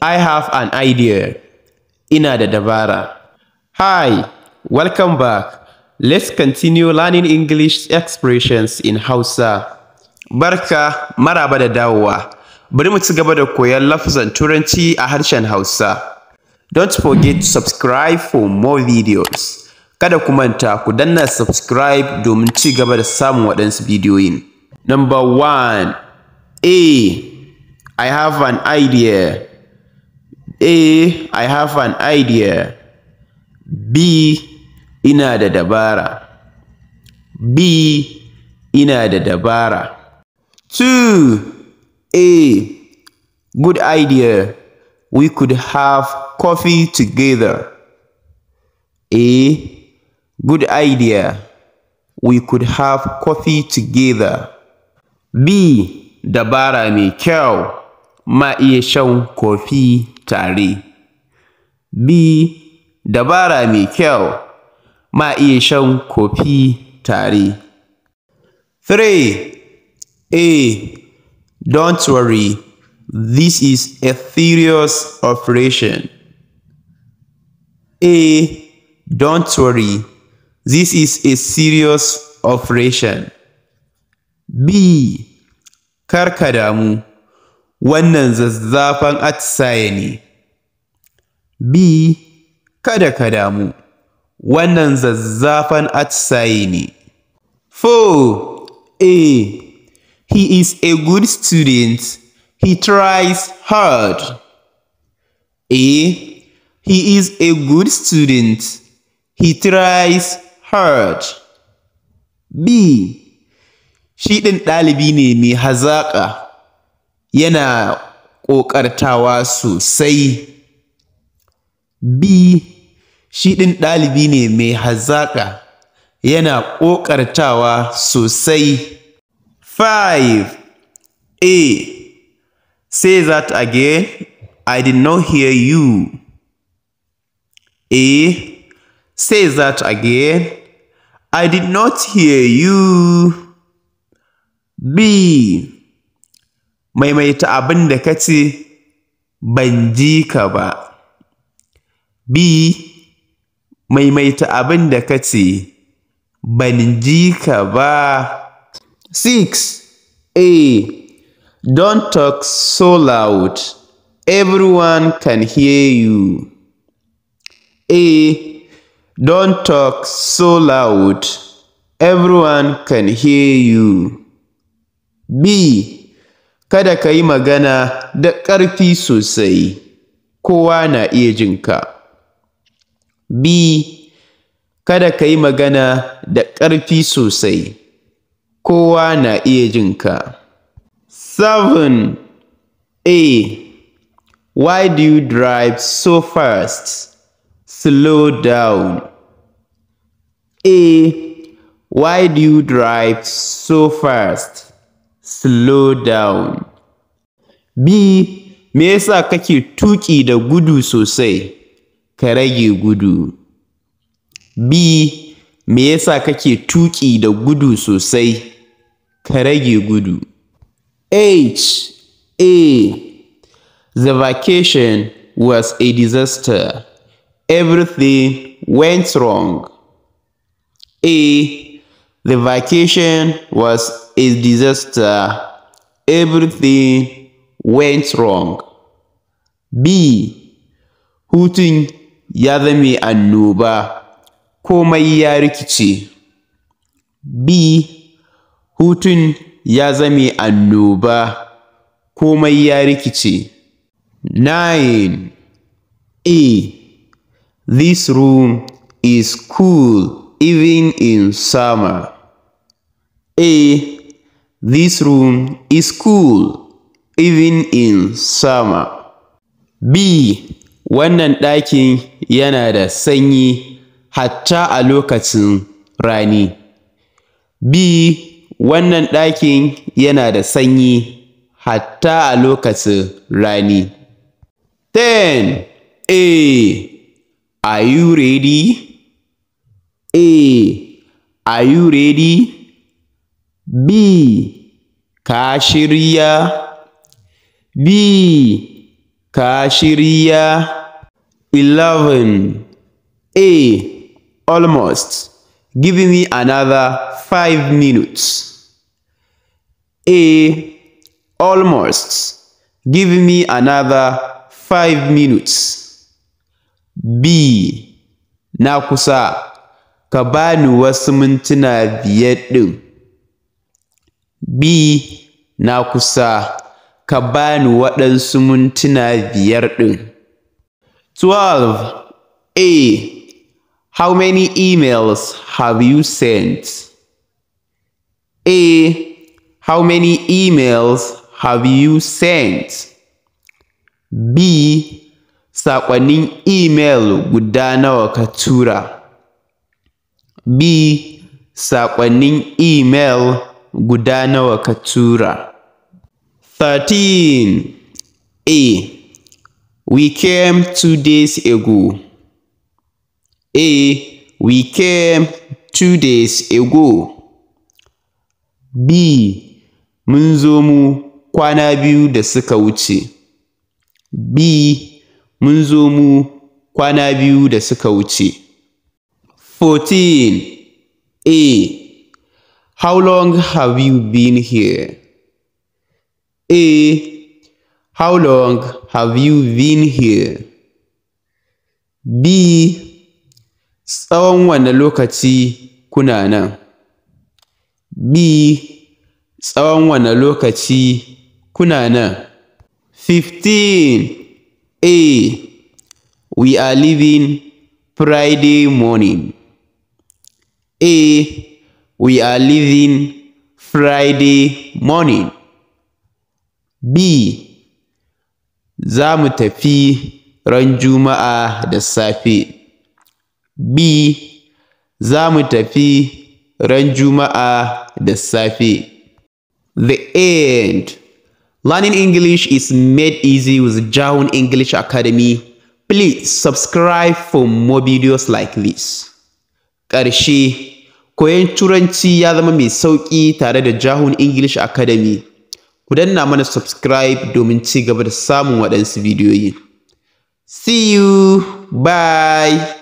I have an idea. Ina da dabara. Hi, welcome back. Let's continue learning English expressions in Hausa. Barka, maraba da dawowa. Bari mu ci gaba da koyon lafazan Turanci a harshen Hausa. Don't forget to subscribe for more videos. Kada ku manta ku danna subscribe domin ci gaba da samun waɗansu bidiyoyin. Number one, A. I have an idea. A. I have an idea. B. Ina da dabara. B. Ina da dabara. 2. A. Good idea. We could have coffee together. A. Good idea. We could have coffee together. B. Dabara me kyau. Ma iya shan coffee. tare. B. Dabara mai kyau, ma iya shan kofi tare. 3. A. Don't worry, this is a serious operation. A. Don't worry, this is a serious operation. B. Kar damu. wannan zazzafan atisaye ne. B. Kada ka damu, wannan zazzafan atisaye ne. 4. A. He is a good student. He tries hard. A. He is a good student. He tries hard. B. Shi ɗin ɗalibi ne mai hazaƙa. yana ƙoƙartawa sosai. B. Shi ɗin ɗalibi ne mai hazaƙa, yana ƙoƙartawa sosai. 5. A. Say that again. I did not hear you. A. Say that again. I did not hear you. B. maimaita abin da ka ce ban ji ka ba. B. Maimaita abin da ka ce ban ji ka ba. 6. A. Don't talk so loud. Everyone can hear you. A. Don't talk so loud. Everyone can hear you. B. kada ka yi magana da ƙarfi sosai, kowa na iya jin ka. B. Kada ka yi magana da ƙarfi sosai, kowa na iya jin ka. 7. A. Why do you drive so fast? Slow down. A. Why do you drive so fast? slow down. B. Me yasa kake tuki da gudu sosai? Ka rage gudu. B. Me yasa kake tuki da gudu sosai? Ka rage gudu. H. A. The vacation was a disaster. Everything went wrong. A. The vacation was a disaster. Everything went wrong. B. Hutun ya zame annoba. Komai ya B. Hutun yazami zame annoba. Komai ya 9. A. This room is cool even in summer. A. This room is cool even in summer. B. Wannan ɗakin yana da sanyi hatta a lokacin rani. B. Wannan ɗakin yana da sanyi hatta a lokacin rani. 10. A. Are you ready? A. Are you ready? B ka shirya B ka shirya 11 A almost give me another five minutes A almost give me another five minutes B na kusa ka bani wasu mintuna biyar ɗin B na kusa ka bani waɗansu mintuna biyar ɗin. 12. A. How many emails have you sent? A. How many emails have you sent? B. Saƙonnin email guda nawa ka tura? B. Saƙonnin email guda nawa ka tura? 13. A. We came two days ago. A. We came two days ago. B. Mun zo mu kwana biyu da suka wuce. B. Mun zo mu kwana biyu da suka wuce. 14. A. How long have you been here? A. How long have you been here? B. Tsawon wane lokaci kuna nan? B. Tsawon wane lokaci kuna nan? 15. A. We are leaving Friday morning. A. We are leaving Friday morning. B. Za mu tafi ran Juma'a da safe. B. Za mu tafi ran Juma'a da safe. The end. Learning English is made easy with Jaun English Academy. Please subscribe for more videos like this. Karshe. koyon Turanci ya zama mai sauƙi tare da Jahun English Academy. Ku danna mana subscribe domin ci gaba da samun waɗansu bidiyoyi. See you! Bye!